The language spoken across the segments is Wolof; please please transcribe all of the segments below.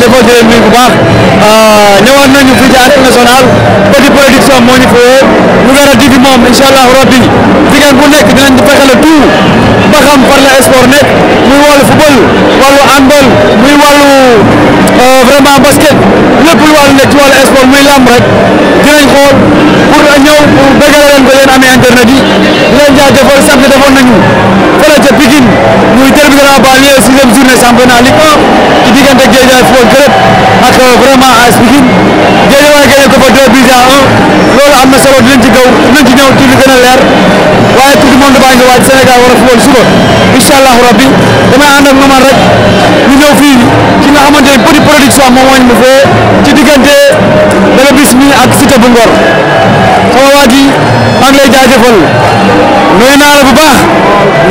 jaajëfal di leen nuyu bu baax euh, ñëwaat nañu fii ci arène nationale Petit Production moo ñu fi Lougaré TV moom incha allah rabbi jigéen bu nekk dinañ fexe le tout ba xam fan la sport nekk muy wàllu football wàllu handball muy wàllu euh, vraiment basket lépp lu wàllu nekk ci wàllu sport muy làmb rek dinañ xool pour ñëw pour bëggale leen ba leen amee internet yi leen jaajëfal sant defoon nañu fële ca Pikine muy terminal ba lieu sixième journée championnat Ligue 1 ci diggante Guédiawaye koy gërëm ak vraiment AS Pikine Guédiawaye gagné ko fa 2 buts à 1 loolu am na solo dinañ ci gaw dinañ ci ñëw tuuti lu a leer waaye coupe du monde baa ngi waaj Sénégal war a football suba incha allah rabbi damay ànd ak maman rek ñu ñëw fii ci nga xamante ne petit production moom moo ñu mu fee ci diggante Bébé Bismi ak Siteu bu Ngor sama waa ji maa ngi lay jaajëfal nuyu baax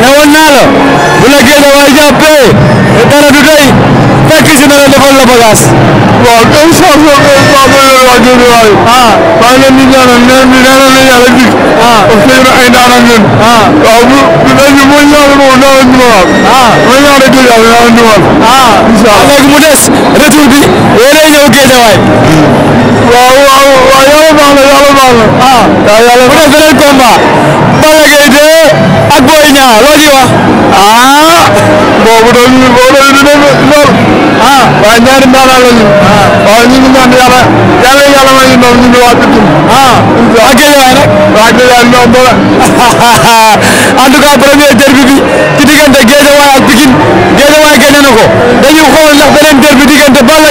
newoon naa la bu la Guédiawaye jàppee dara du doy fekk si na la bagage. waaw tey saa soo ko saa soo yore waa Géeja waaye. ah maa ngi leen di ñaanal nee nañ nee nañ la yàlla dig. ah parce que yéen ay daanaka ngeen. ah waaw bu bu dee ñu mooy ñaanal moom ñaanal ñu ma waat. ah mooy ñaanal Géeja waaye ñaanal ñu ma waat. ah incha allah léegi mu des retour bi yéenay ñëw Géeja waaye. waaw waaw waaw yàlla baax na yàlla baax na. ah waaw yàlla bu def beneen combat. Balla Gaye 2 ak Boy Niang ah, ah, waa ah. Pikine. ah ak Guédiawaye nag. waaw Guédiawaye ñoom na ko dañuy xool ndax beneen derby Balla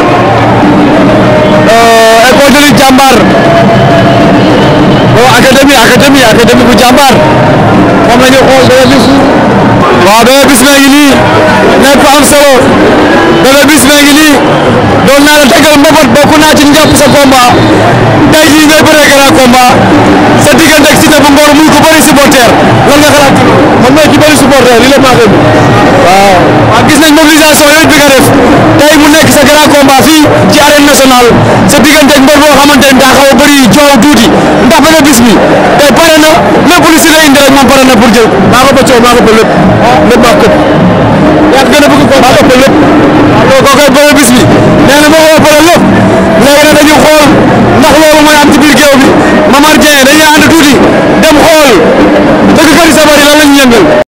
naa la tegal mbëbët bokk naa ci njàpp sa combat tey jii ngay bëree grand combat sa diggante ak Siteu bu Ngor muy ko bëri supporter lan nga xalaat ci man mooy ci bëri supporter li la maa gën waaw. waaw gis nañ mobilisation yooyu bi nga def tey mu nekk sa grand combat fii ci arène nationale sa diggante ak mbër boo xamante ni daa xaw a bëri joow tuuti ndax ba nga bis bi tey pare na lépp lu si la indi rek man pare na pour jël maa ko ba coow maa ko ba lépp lépp maa ko ëpp. yaa ngi gën a bëgg ko maa ko ba lépp waaw kooku ak bëri bis bi nee na ma woo pare lépp léegi nag dañuy xool ndax loolu mooy am ci biir géew bi Mamar Dieng dañuy ànd tuuti. bari lan lañu yëngal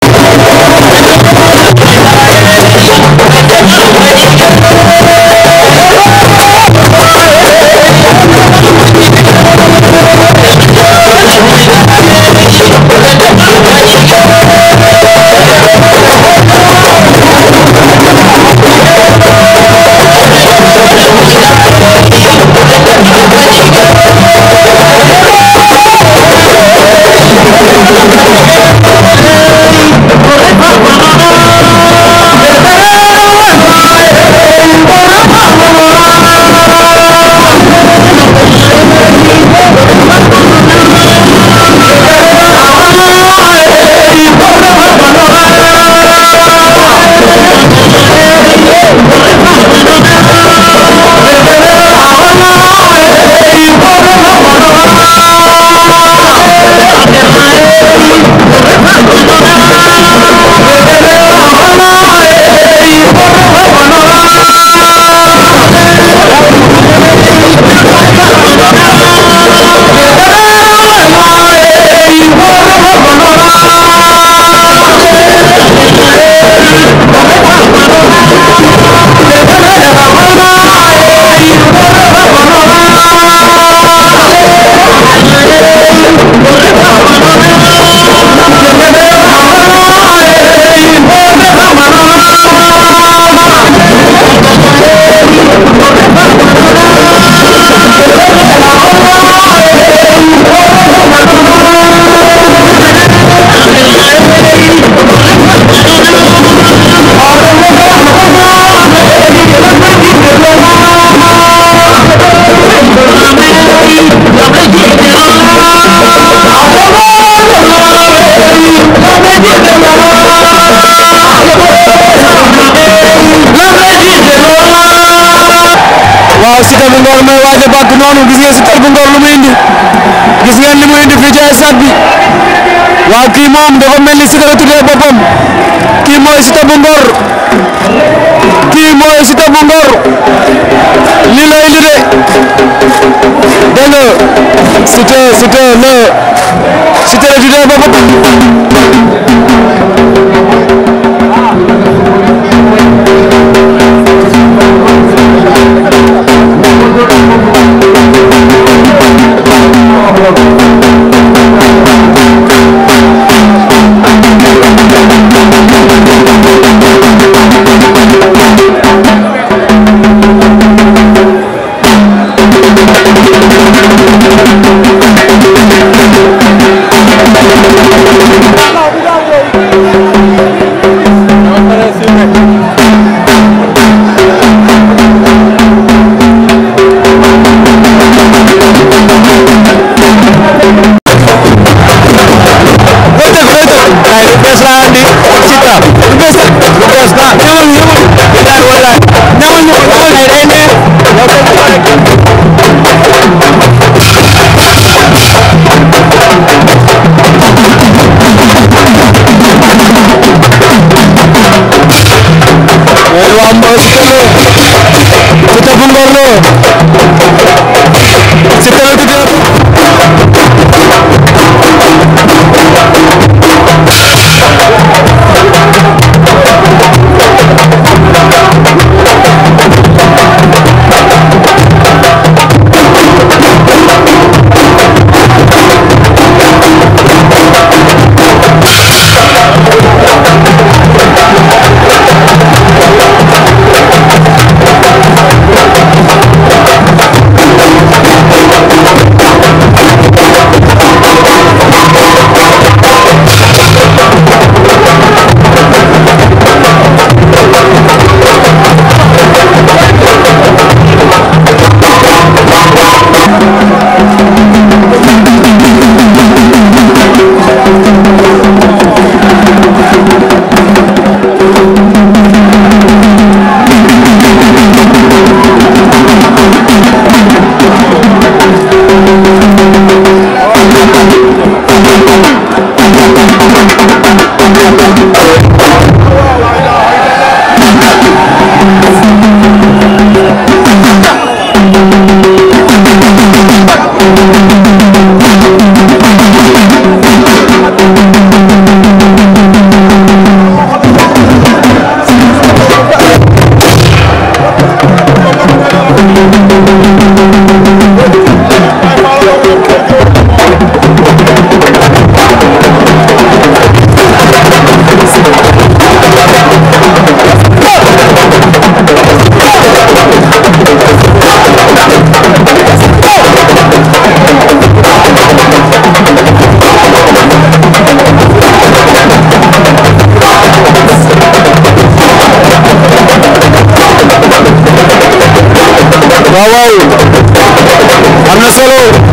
waaw Siteu bu Ngor mooy waaj a bàkk noonu gis nga Siteu lu muy indi gis ngeen li muy indi fii ci stade bi waaw kii moom dafa mel ni Siteu la tuddee boppam kii mooy Siteu bu Ngor kii mooy Siteu bu lay indi de dégg nga Siteu Siteu la Siteu la tuddee boppam. Gracias. falou.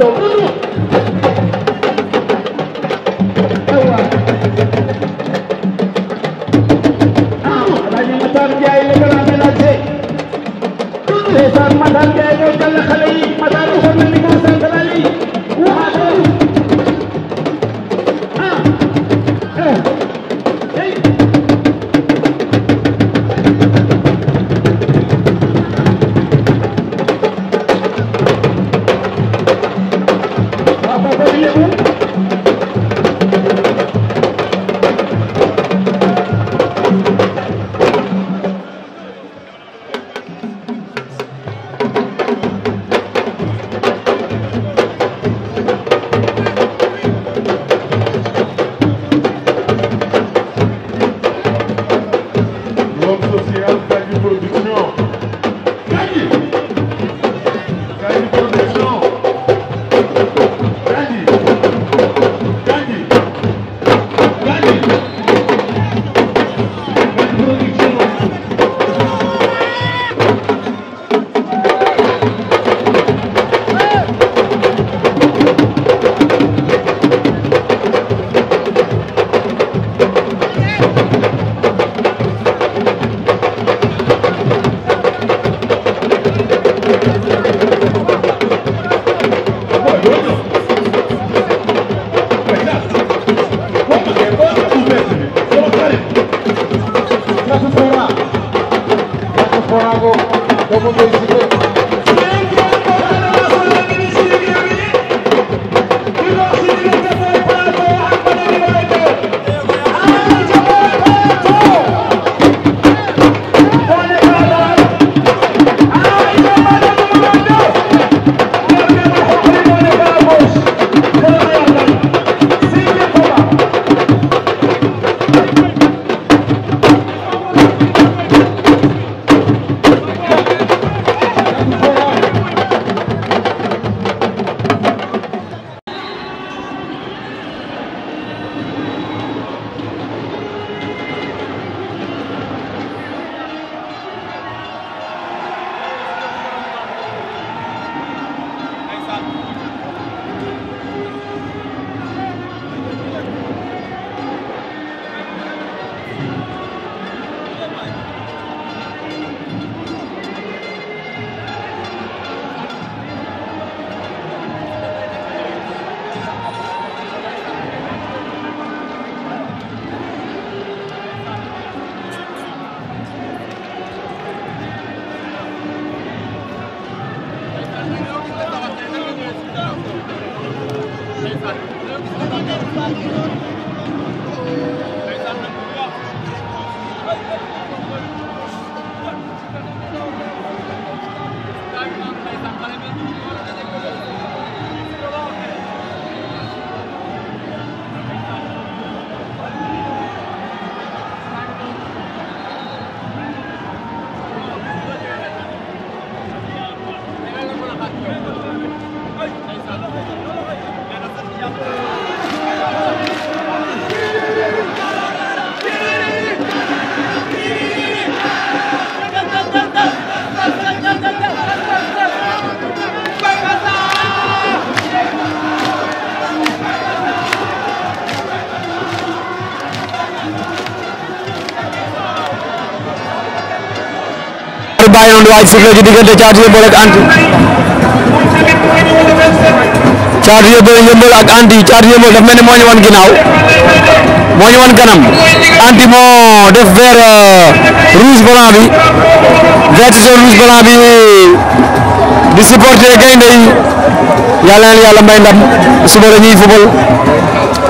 Santo. baa ngi noonu waaj sifflé ci diggante Thiatou ak Anty Thiatou Yeumbeul Yeumbeul ak Anty ni moo ñu wan ginnaaw moo ñu wan kanam Anty moo def vert euh, rouge blanc bi vert jaune rouge bi di supporter gaynde yàlla na yàlla may ndam ñuy fubal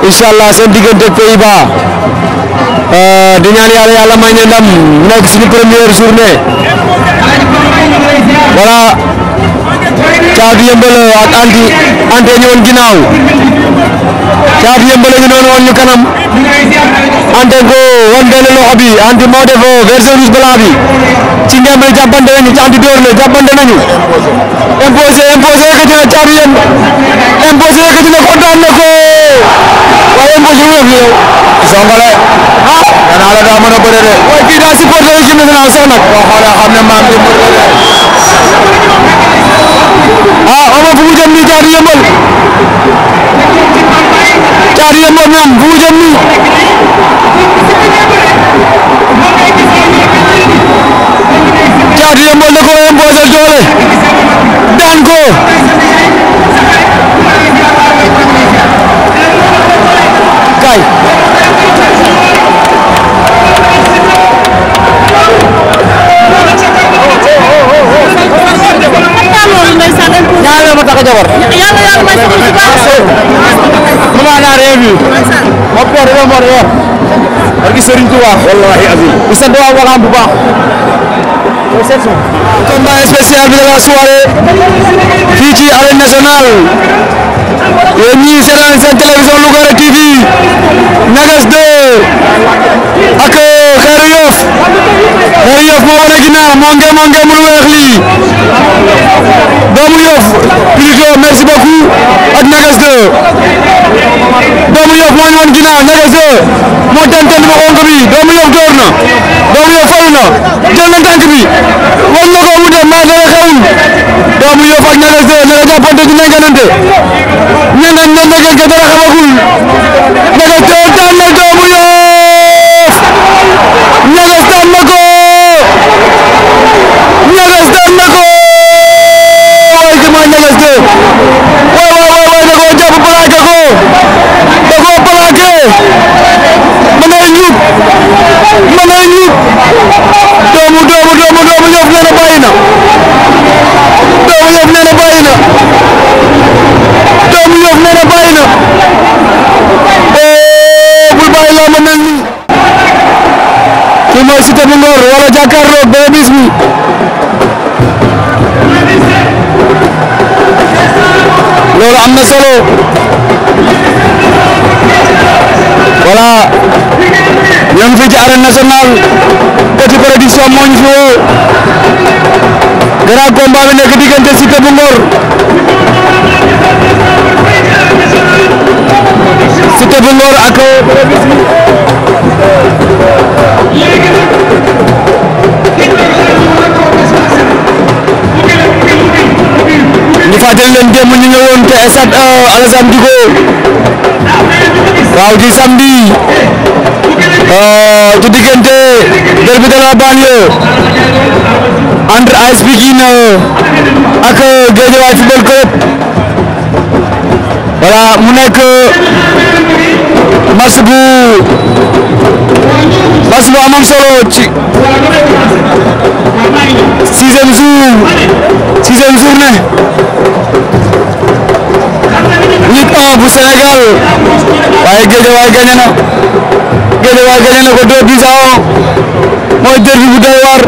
incha allah seen diggante ak pays euh, yàlla yàlla may ñu ndam nekk journée. voilà caatu yëmbale ak anti anti ñëwoon ginnaaw caatu yëmbale ñu doon woon ñu kanam Antengo wan benn loxo bi Anti moo def version rouge blanc bi ci ngeen may jàppante nañu ci Anti door na jàppante nañu imposé imposé yëkkati na caabi yéen imposé yëkkati na ko daan na ko waaye imposé lu def yow. Songole. ah danaa la daa mën a bëre de. waaye kii daa supporté équipe nationale sax nag. boo xoolee xam ne maam ji mbër la ah Omo fu mu jëm nii caatu yëmbal caatu yëmbal ñoom fu mu jëm nii. di Yeumbeul da ko imposé doole daan ko kay ya, ma tax yalla yalla combat spécial de la soirée Fiji ci National. nationale yéen ñii seetaan télévision Lugare TV Nagas 2 ak Xeeru euh, Yoff Xeeru Yoff Manga Manga ginnaaw moo ngi moo merci beaucoup ak Nagas 2 doomu Yoff moo Nagas 2 moo tànn tànn ma ongle doomu Yoff fayu na jël na tànk bi war na ko mu dem maa dara xewul doomu Yoff ak Niaga 2 nee na jàppante dina gënante ñeneen ñoom Niaga 2 dara xamagul Niaga 2 daan na doomu Yoff Yoff nee na bàyyi na doomu Yoff nee na bàyyi na doomu Yoff nee na bàyyi na eh bul bàyyi laa ma mel nii kii mooy Siteu bu Ngor wala jàkkaarloo Bébé Bismi loolu am na solo voilà ñoo ngi fii ci arène nationale Petit Production moo ñu fi woo grand combat bi nekk diggante Siteu bu Ngor Siteu bu Ngor ak ñu fàttali leen démb ñu ñëwoon te stade euh, Alassane Djigo waaw di samedi euh, ci diggante derby de la banlieue entre AS Pikine ak euh, Guédiawaye Football Club voilà mu nekk euh, match bu match bu amoon solo ci sixième jour sixième journée Ligue 1 bu Sénégal waaye Guédiawaye gagné na Guédiawaye gagné na ko deux buts à un mooy derby bu doy waar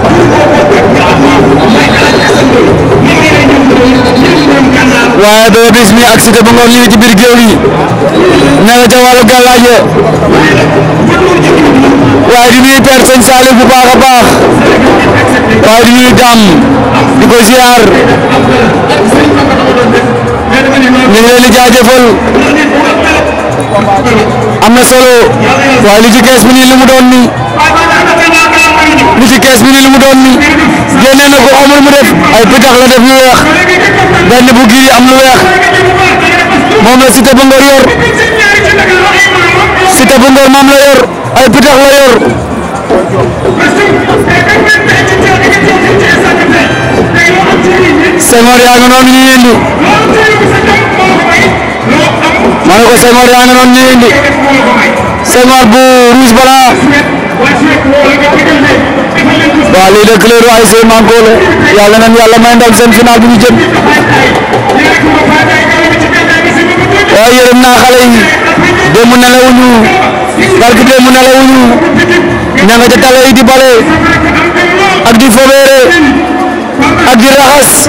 waaye Dodo Bis mi ak Siteu ba ngoon ñu ci biir géew gi nee na ca wàllu gàllaaj ya waaye di nuyu Père Sëñ Salif baax a baax waaye di nuyu Dame di ko ziar ñu ngi leen di jaajëfal am na solo waaye li ci kees bi nii li mu doon nii li ci kees bi nii mu doon nii génne na ko amul mu def ay pitax la def yu weex. benn bu giri am lu weex moom la Siteu bu Ngor yor Siteu bu Ngor moom la yor ay pitax la yor Senghor yaa ngi noonu ñu indi ma ne ko Senghor yaa ngi noonu ñu indi Senghor bu rouge bala waaw lii de couleur waaye say manko la yàlla nañ yàlla bu ndam seen final bi ñu jëm waaye yërëm naa xale yi démb nelawuñu barki démb nelawuñu ña nga ca tale di bale ak di fobeere ak di raxas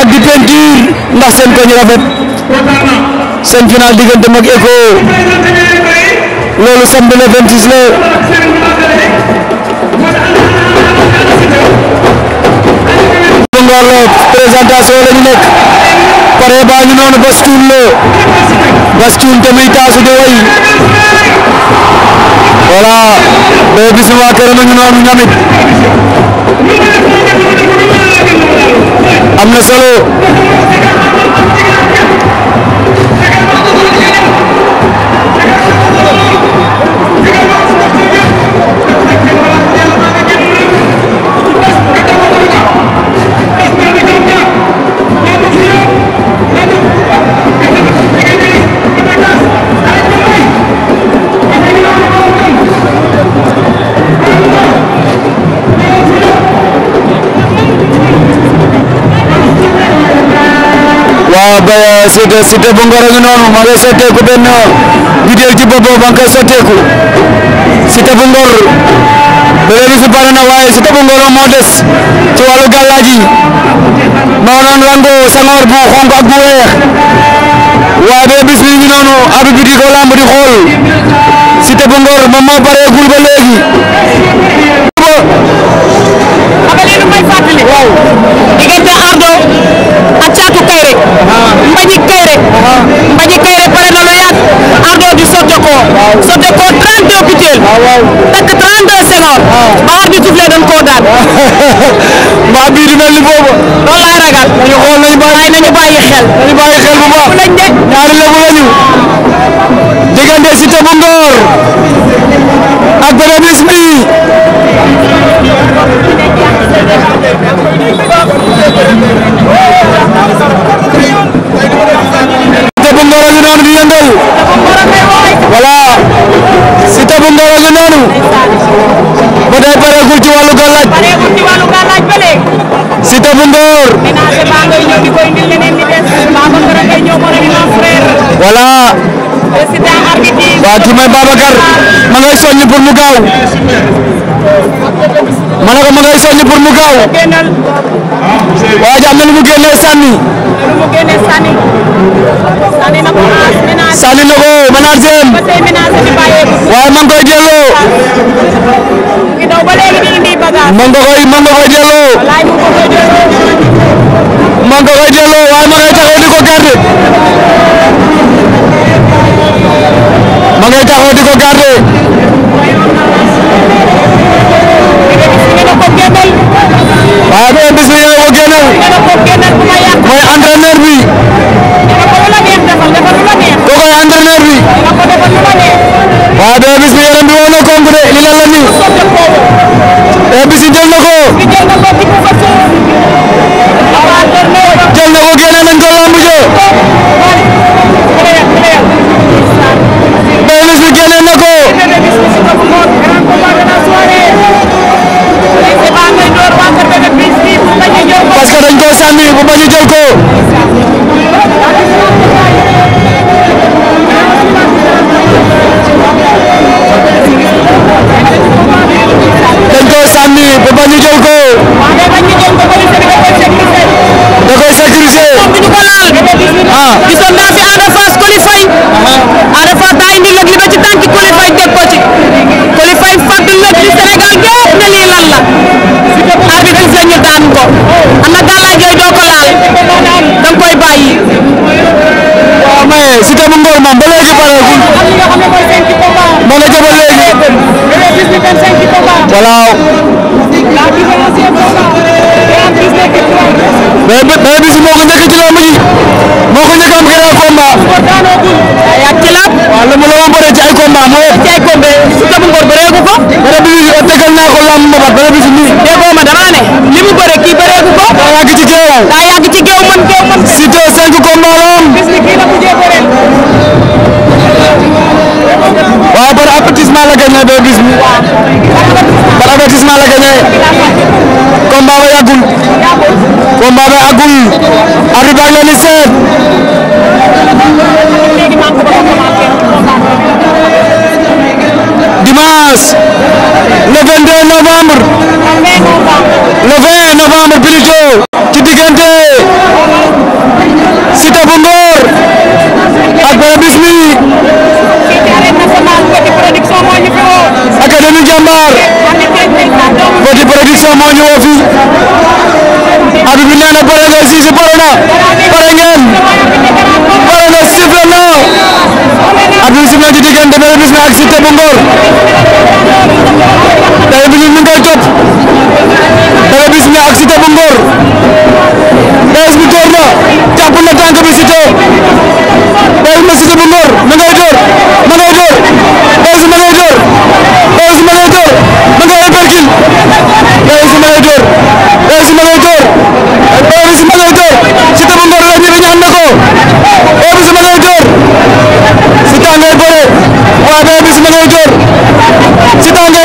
ak di peinture ndax seen koñ rafet seen final diggante mag ECCO loolu samedi le 26 la. présentation lañu nekk pare baa ngi noonu Bastoul la Bastoul te muy taasu di way voilà Bébé Bismi waa këram a ngi noonu ñamit am na solo koy Siteu Siteu bu Ngor a ngi noonu ma ngay sotteeku benn bidéew ci boppam ma ngay sotteeku Siteu bu ba léegi si pare na waaye Siteu bu Ngor moo des ci wàllu gàllaaj yi moo doon rango sangoor bu xonk ak bu weex waaye ba bis bi noonu abi bi di ko lamb di xool Siteu bu Ngor moom moo pareegul ba léegi. waaw ak caatu kayre mbañi kayre mbañi kayre pare na lu ardo di sotte ko sotte ko 32 butéel takk 32 sengor ba arbi sufle dañ koo daan mbaa bii di mel boobu loolu laa ragal dañu xool nañu bàyyi nañu bàyyi xel nañu bàyyi xel bu baax ñaari lebu lañu diggante Cité bu ak beneen bis Siteu waa kii may Babacar ma ngay soññ ma ne ko ma ngay soññ pour mu gaaw waaye ji am na lu mu génnee sànni sànni na ko ménagem waaye ma ngi koy delloo ma ngi koy ma ngi koy delloo ma ngi koy delloo waaye ma ngay taxaw di ko garder ma ngay taxaw di ko garder waaw mais bis bi yéen a ko génneel bi ko koy entraîneur bi waaw mais bis bi yaram bi woo na kontre li parce que dañ ko sànni bu bañ a jël ko dañ ko sànni bu bañ a jël ko da koy sécuriser ah gisoon naa fi Ada Fass Ada Fass daa indi lëg li ba ci tànki Coly Faye teg ko ci Coly Faye fàttali lëg li Sénégal gépp ne lii lan la arbitre bi ñu daan ko am na galaaj yooyu doo ko laal danga koy bàyyi. waaw mais Siteu bu Ngor moom ba léegi pareegul. ma nga jëm ba léegi. voilà. waaw jaay ko be tabu ngor bëreegu ko bëre bi tegal naa ko lamb ma bëre bi si nii déggoo ma dama ne li mu bëre kii bëreegu ko daa yàgg ci géew daa yàgg ci géew man géew man si deux cinq combat la am bis ni kii la mujjee bëre waaw par avertissement la gagné doo gis ni par avertissement la gagné combat ba yàggul combat ba yàggul arrivé ak la ni seet dimanche le 22 novembre Zidane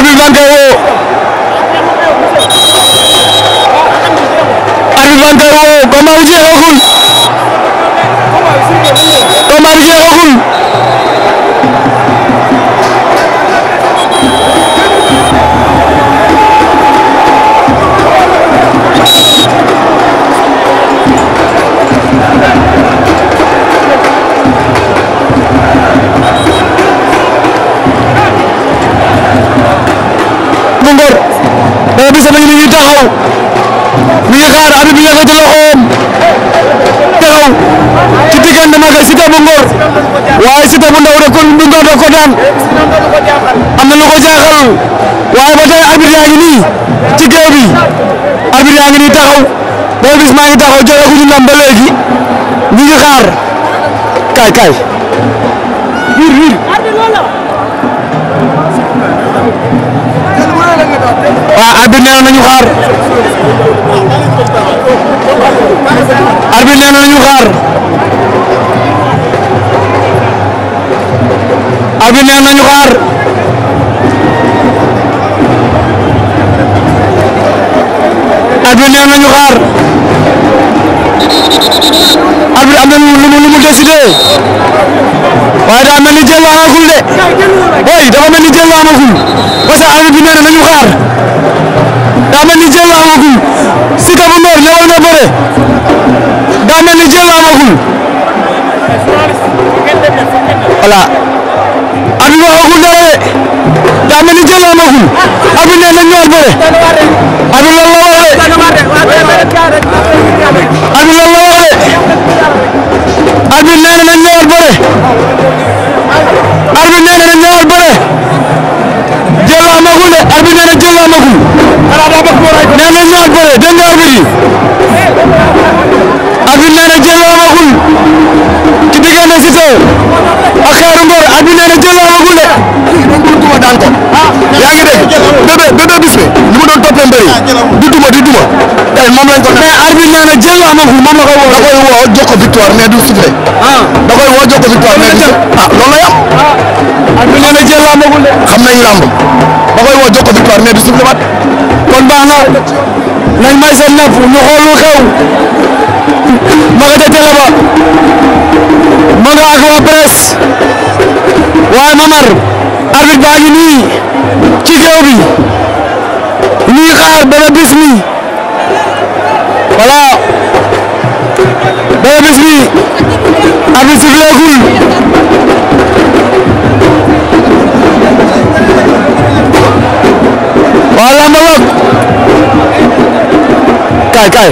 arbitre bi baa ngi koy woo kai kaay wir wir waaw nañu xaar arbitre nee nañu xaar arbitre nee nañu xaar nañu xaar lu mu lu mu waaye daa mel ni jël la amagul de booy dafa mel ni jël la amagul parce que arbitre bi nee na nañu xaar daa mel ni jël la amagul Siteu bu Ngor ñëwal nga bëre daa mel ni jël la amagul voilà arbitre waxagul dara de daa mel ni jël la amagul arbitre nee na ñëwal bëre arbitre loolu la wax de arbitre loolu la wax de arbitre nee na ñëwal bëre nee na ñaar bëre dégg nga arbitre yi arbitre nee na jël amagul ci diggante Siteu ak Xeeru Ngor arbitre nee na jël amagul de. yaa ngi dégg bébé bébé bismi li doon toppee mbër yi di duma di duma tey eh, moom ko mais arbitre nee na jël amagul moom ko victoire woo jox victoire mais du ah loolu woo jox victoire mais du sifflé ah, ah. waat. kon baax na nañ may seen nopp ñu xool lu xew ma nga ca télé ba ma nga ak waa presse waaye Mamar arbitre baa ngi nii ci géew bi ñuy xaar Bébé Bismi voilà Bébé Bismi arbitre sifflé gul waa làmb woog kaay kaay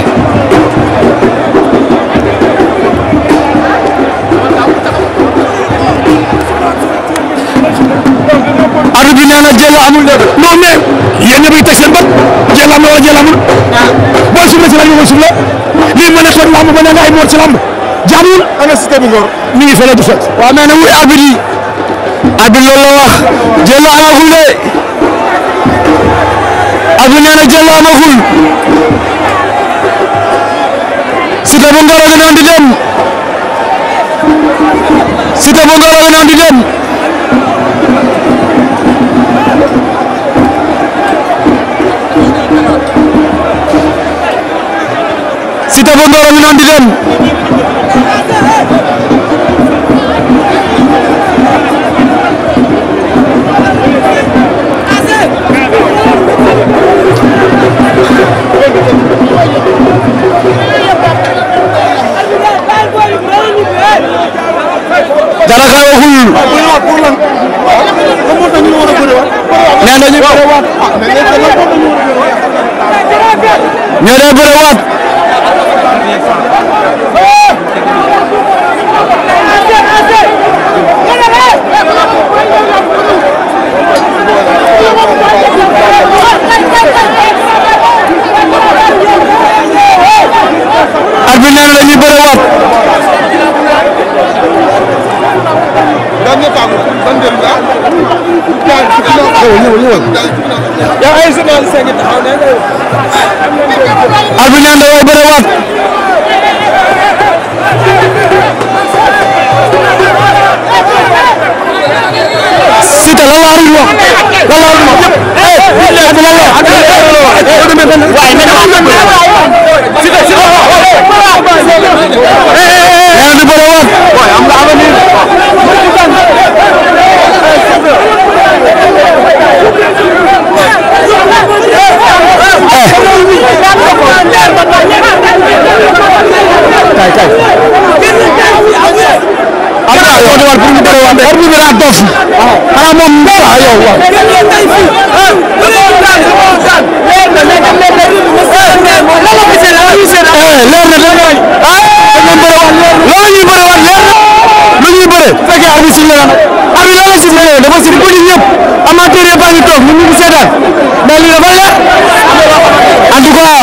arbitre bi nee na jël amul de non mais yéen ñëpp a teg seen bët ah. booy suble si rajo booy suble lii mën a xeex làmb ba nee na ay moot si ana cité bu ngor mi ngi du fet waaw mais nag wuy arbitre yi arbitre loolu la wax jël amagul de ak bu a ngi noonu di dem Siteu bu a ngi noonu di dem Siteu a ngi noonu dara xewagul nee nañu bëre waat ñoo dee bëre waat arbitre nee na dañuy bëre waat yow ay journaliste ngi taxaw ne ngay wax. Abi nee na way bëre waat. Siteu lan la arbitre wax lan la arbitre wax. Siteu Siteu kay kay. am naa soo demee pour mu bëree wante. war nañu laa dof. ah moom mbéy la yow waaw. leer na leer na lu yàlla si mel ne dama si bëgg ñëpp amateur yëpp a ngi toog ñu ngi seetaat mais lii dafa leer en tout cas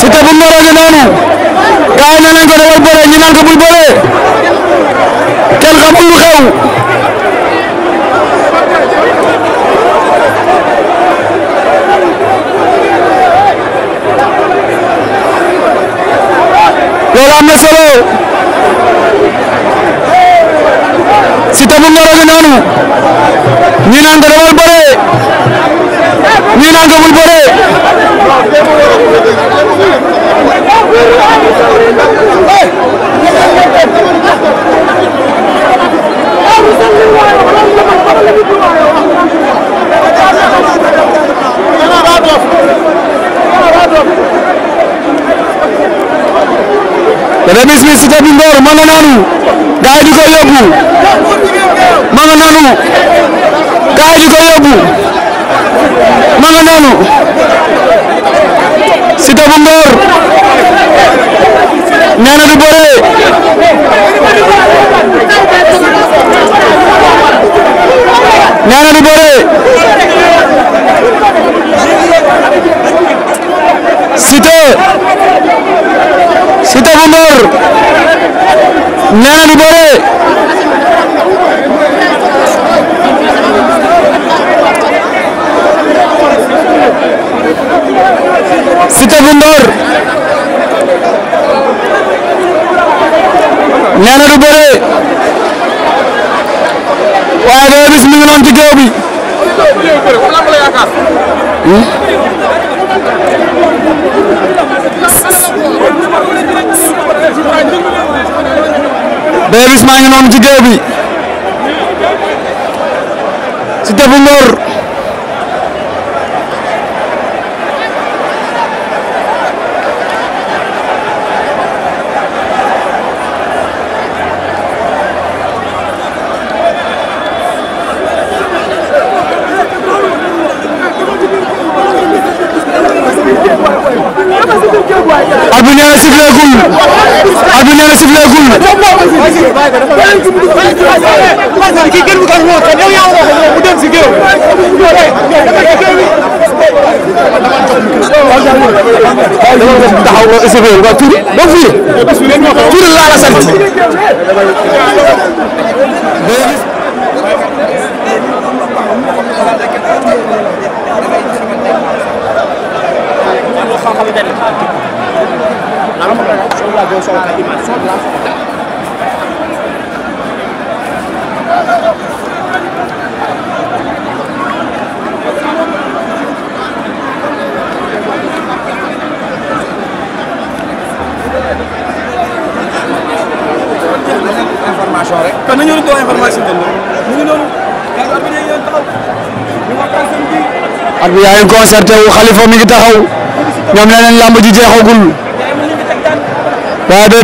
Siteu bu Mboro gi noonu gars yi nee nañ ko dafay bëre ñu naan ko bul bëre kenn xamul lu xew loolu am na solo. bu ngoro gi noonu ñi naan ko demal bëre ñi naan ko bul bëre remis bi si tabi Ngor ma nga noonu gaay di ko ma nga noonu kaay di yóbbu ma nga noonu Siteu bu Ngor nee na du bëree nee na du bëree Siteu bu Ndor du bëree waaye Bébé Bis ngi noonu ci géew bi hmm? maa ngi noon ci géew bi Siteu bu Ndor sëfër nga tur ba fii. fii laa la sant. information rek. kon nañu noonu. gàllankoor bi dañu leen taxaw. ñu waxtaan seen biir. ak bi yaa ngi concerté wu Khalifa mi ngi taxaw. ñoom nee nañ lamb ji jeexagul. ci géew bi. voilà. lamb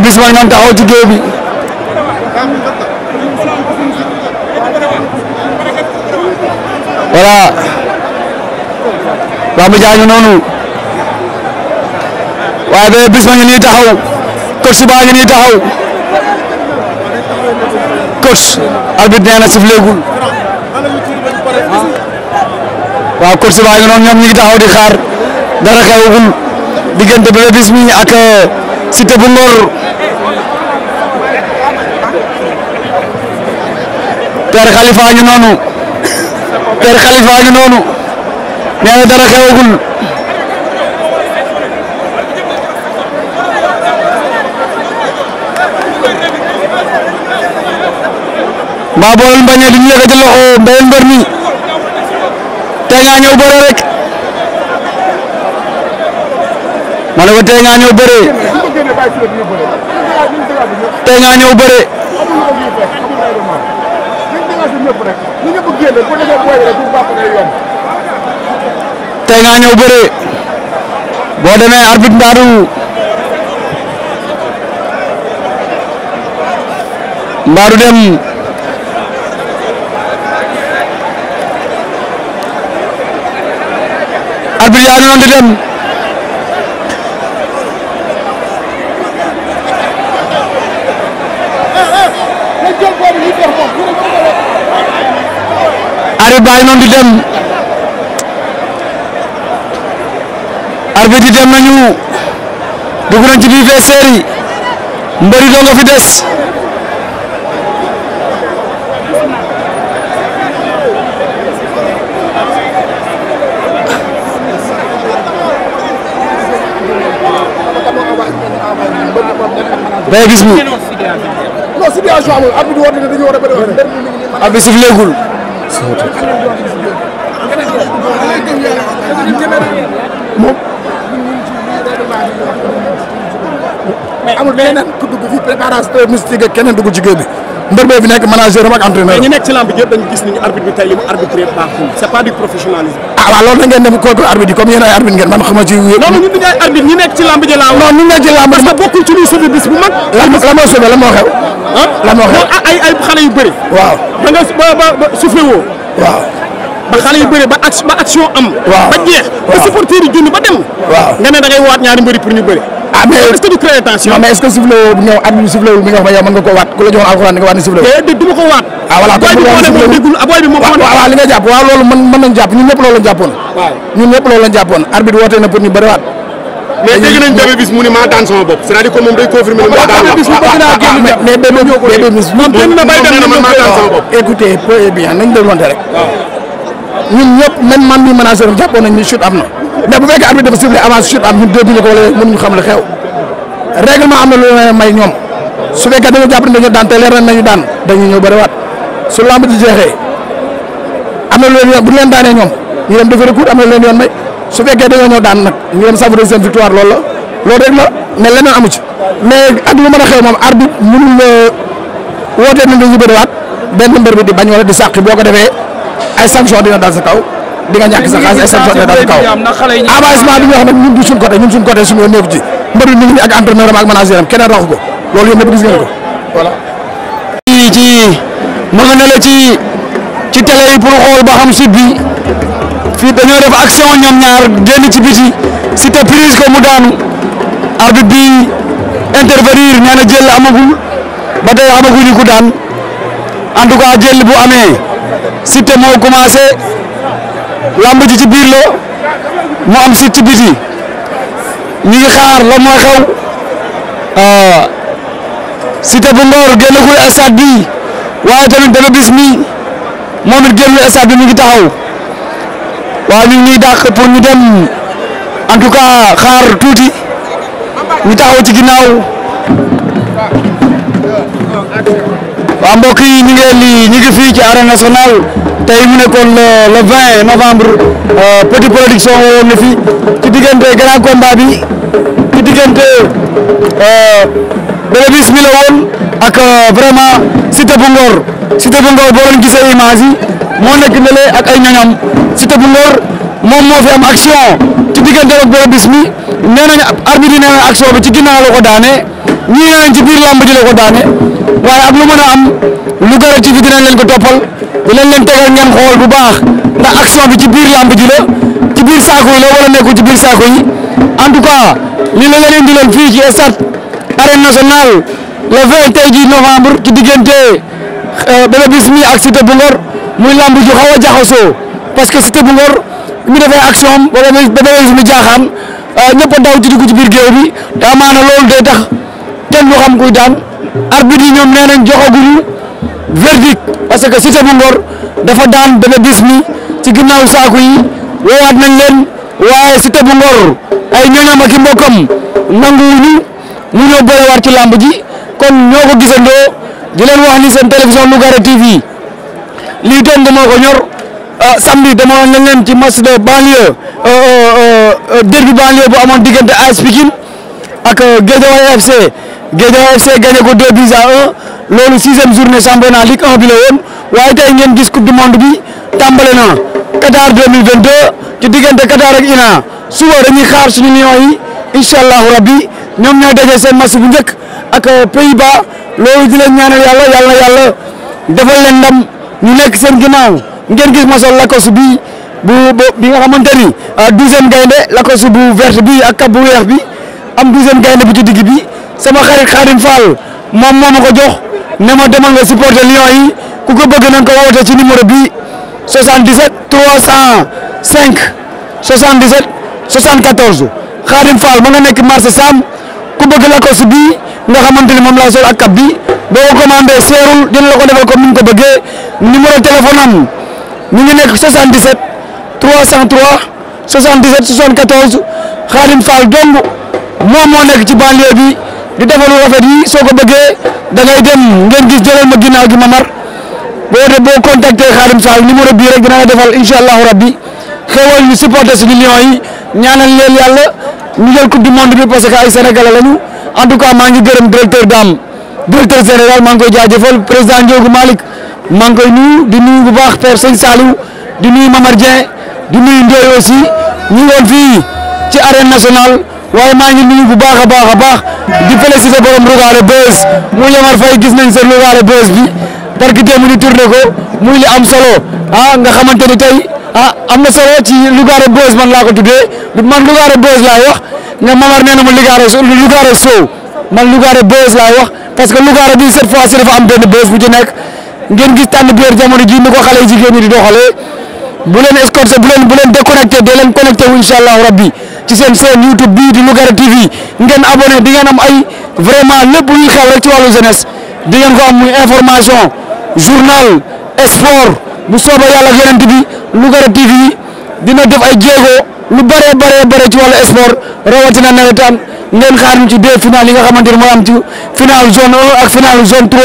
nii taxaw. coach baa ngi nii taxaw. coach arbitre nee na sifleegul waaw coach baa ngi noonu ñoom ñu ngi taxaw di xaar dara xewagul diggante Bébé Bismi ak euh, Siteu bu Ngor Père Khalifa a ngi noonu Père Khalifa a ngi noonu nee na dara xewagul Mbaa Bool Mbañe di ñu yëkkati loxo beneen mbër mi tey ngaa ñëw bëre rek ma ne ko tey ngaa ñëw bëre tey ngaa ñëw bëre tey ngaa ñëw bëre boo demee arbitre Ndadou. Mbadou dem. arbitre yaa noon dem arbitre dem arbitre di dem nañu dugg nañ ci biir vestiaire fi des da ngay gis mu. non situation amul at bi di woote ne dañu war a bëri woon. at bi suuf léegul. moom. amul beneen ku dugg fii préparateur mystique ak keneen dugg ci géej bi. mbër bee fi nekk manager am ak entraîneur. mais ñi nekk ci lamb yëpp dañu gis ni arbitre bi tey li mu arbitré baaxul. c'est pas du professionnalisme. ah waaw loolu na ngeen dem contre arbitre comme yéen ay arbitre ngeen man xama ci non non ñun duñu ay arbitre ñi nekk ci lamb ji laa non ñu nekk ci parce que bokkul ci luy sauver bis bu mag la moo sauver la moo xew la moo xew ay ay xale yu bëri waaw da nga ba ba soufflé woo waaw ba xale yu bëri ba action ba action am ba jeex ba supporter yi junni ba dem waaw nga ne da ngay waat ñaari mbëri pour ñu bëri ah mais est-ce que du créer tension mais est-ce que soufflé woo bu ñëw arbitre soufflé woo bi nga wax ba yow mën nga ko waat ku la joxoon alxuraan nga waat ni soufflé woo déedéet du ma ko ah voilà ah, kon waaw li nga jàpp waaw loolu mën mën nañ jàpp ñun ñëpp loolu lañ jàppoon ñun ñëpp loolu lañ jàppoon arbitre woote na pour ñu bëriwaat mais dégg nañ Bébé Bis mu ni maa daan sama bopp c'est-à-dire que moom day confirmer ne maa daan Bébé Bis bëgg naa ah, ah, génn mais Bébé Bébé Bis moom dañ na bay dem na maa daan sama bopp écoutez peu et bien nañ dégloonte rek ñun ñëpp même man mi manager jàppoon nañ ni dan am dan mais bu fekkee règlement am lu may ñoom su fekkee dañu jàpp dañu dan te leer nañu dan dañu ñëw bëriwaat su lamb ji jeexee am na lu leen yoon bu ñu leen daanee ñoom ñu dem defi recours am na lu leen yoon may su fekkee dañoo ñëw daan nag ñu dem savourer seen victoire loolu la loolu rek la mais leneen amu ci mais ak lu mën a xew moom arbitre mënul wootee nañ dañuy bëriwaat benn mbër bi di bañ wala di sàq boo ko ay sanction dina dal sa kaw di nga sa ay sanction dina dal sa kaw avancement bi ñu wax ñun du côté ñun côté suñu mbër ak entraîneur ak manager am ko gis ngeen ko voilà. ci ma nga ne la ci ci télé yi pour xool ba xam site bi fii def action ñoom ñaar génn ci biti si te prise ko mu daanu arbitre bi intervenir nee na jël amagul ba tey amaguñu ku daan en tout cas jël bu amee si te moo commencé lamb ji ci biir la mu am site ci biti ñu ngi xaar la mooy xew si euh, te bu ngoor génnagul stade bi waaye tamit bébé bis mi moom it génn stade bi mu ngi taxaw waaye ni ngi ñuy dàq pour ñu dem en tout cas xaar tuuti ñu taxaw ci ginnaaw waaw mbokk yi ñu ngi leen ñu ngi fii ci arène nationale tey mu nekkoon le 20 novembre euh, petit production woon na fi ci diggante grand combat bi. ci diggante Bébé Bis mi la woon ak euh, vraiment Cité bu Ngor Cité bu Ngor boo leen moo nekk ne ak ay ñoñam Cité bu moom moo fi am action ci diggante ak Bébé Bis mi nee nañ arbitre bi nee nañ action bi ci ginnaaw la ko daanee ñii nee ci biir làmb ji la ko daanee waaye ak lu mën a am lu gara ci fi dinañ leen ko toppal dinañ leen tegal ngeen xool bu baax ndax action bi ci biir làmb ji la ci biir saako yi la wala nekkul ci biir saako yi en tout li leen indi leen fii ci stade arène le 20 tey ji novembre ci diggante euh, Bébé Bismi ak Siteu bu Ngor muy lamb ju xaw a jaxasoo parce que Siteu bu Ngor mi defee action am wala Bébé Bismi jaaxaan euh, a daw ci dugg bi te amaana loolu day tax kenn du xam kuy daan arbitre yi ñoom nee nañ joxaguñu verdict parce que Siteu bu dafa daan Bébé Bismi ci ginnaaw saako yi woowaat nañ leen. waaye Siteu bu Ngor ay ñooñam ak i mbokkam nanguwuñu mu ñëw boolewaat ci làmb ji kon ñoo ko gisandoo di leen wax ni seen télévision Lougaré TV lii doon damoo ko ñor ah, samedi demoon nañ leen ci match de banlieue euh, euh, euh, derby banlieue bu amoon diggante AS Pikine ak Guédiawaye FC Guédiawaye FC gagné ko 2 buts à 1 loolu sixième journée championnat Ligue 1 bi la woon waaye tey ngeen gis coupe du monde bi tàmbale na Qatar 2022 ci diggante Qatar ak Iran suba dañuy xaar suñu lions yi incha allahu rabbi ñoom ñooy daje seen match bu njëkk ak euh, Pays-Bas loolu di leen ñaanal yàlla yàlla yàlla defal leen ndam ñu nekk seen ginnaaw ngeen gis ma sol bi bu bi nga xamante ni euh, douzième gaynde lacoste bu verte bi ak kab bu weex bi am douzième gaynde bu ci digg bi sama xarit Khadim Fall moom moo ma ko jox ne ma demal nga supporter lions yi ku ko bëgg na nga ko woowatee ci numéro bi 77 305 77 74 Khadim Fall ma nga nekk marché Sam ku bëgg Lacoste bi nga xamante ni moom laa sol ak cap bi boo ko commandé seerul dina la ko defal ni ko bëggee numéro téléphone am mu ngi nekk 77 303 77 74 Khadim Fall dong moom moo nekk ci banlieue bi di defal lu rafet yi soo ko bëggee da ngay dem ngeen gis jëlal ma ginnaaw gi ma mar. boo de boo contacté Khadim Sall numéro bii rek dina la defal incha allahu rabbi xéwal ñu supporté suñu lions yi ñaanal leen yàlla ñu jël coupe du bi parce que ay sénégalais lañu en tout cas maa ngi gërëm directeur Dame directeur général maa ngi koy jaajëfal président Ndiogou Malick maa ngi koy nuyu di nuyu bu baax père Sëñ Saliou di nuyu Mamar Dieng di nuyu Ndoye aussi ñu ngi woon fii ci arène national waaye maa ngi nuyu bu baax a baax a baax di félicité borom Lougaré Buzz mu Yamar gis nañ seen Lougaré Buzz bi. barki démb ñu tourné ko muy li am solo ah nga xamante ni tey ah am na solo ci Lougaré Buzz man laa ko tuddee man Lougaré Buzz laay wax nga Mamar nee na ma Lougaré Lougaré Sow man Lougaré Buzz laay wax parce que Lougaré bi cette fois ci dafa am benn buzz bu ci nekk ngeen gis tànn biir jamono ji ni ko xale yi jigéen di doxalee bu leen escorté bu leen bu leen déconnecté dee leen rabbi ci seen seen YouTube bii di TV ngeen abonné di ay vraiment lépp luy xew wàllu jeunesse. di ngeen ko am muy information journal sport bu soobee yàlla ak yonent bi Lougaré TV dina def ay jéego lu bëree bëree bëri ci wàllu sport rawatina nawet ngeen xaar ci deux final yi nga xamante ne mooy am ci final zone ak final zone 3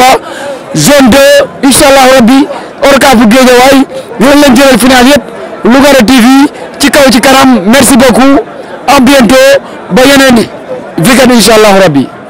zone 2 incha allah rabbi ORCAV bu Guédiawaye yéen lañ jëlal final yëpp Lougaré TV ci kaw ci kanam merci beaucoup à bientôt ba yeneen week-end incha rabbi